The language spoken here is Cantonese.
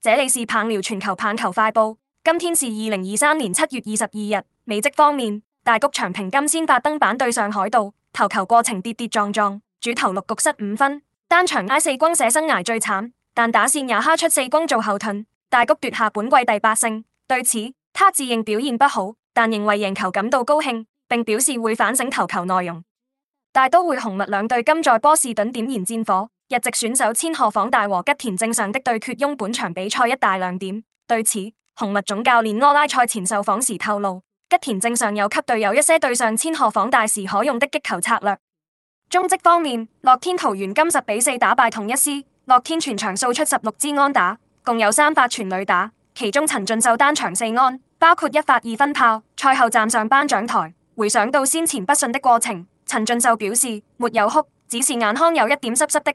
這裏是棒聊全球棒球快報，今天是二零二三年七月二十二日。美職方面，大谷翔平今先發登板對上海盜，投球過程跌跌撞撞，主投六局失五分，單場挨四轟寫生涯最慘，但打線也哈出四轟做後盾，大谷奪下本季第八勝。對此，他自認表現不好，但仍為贏球感到高興，並表示會反省投球內容。大都會紅襪兩隊今在波士頓點燃戰火。日籍選手千賀滉大和吉田正尚的對決，擁本場比賽一大亮點。對此，紅襪總教練柯拉賽前受訪時透露，吉田正尚有給隊友一些對上千賀滉大時可用的擊球策略。中職方面，樂天桃園今十比四打敗同一師，樂天全場掃出十六支安打，共有三發全壘打，其中陳俊秀單場四安，包括一發二分炮。賽後站上頒獎台，回想到先前不順的過程，陳俊秀表示沒有哭，只是眼眶有一點濕濕的。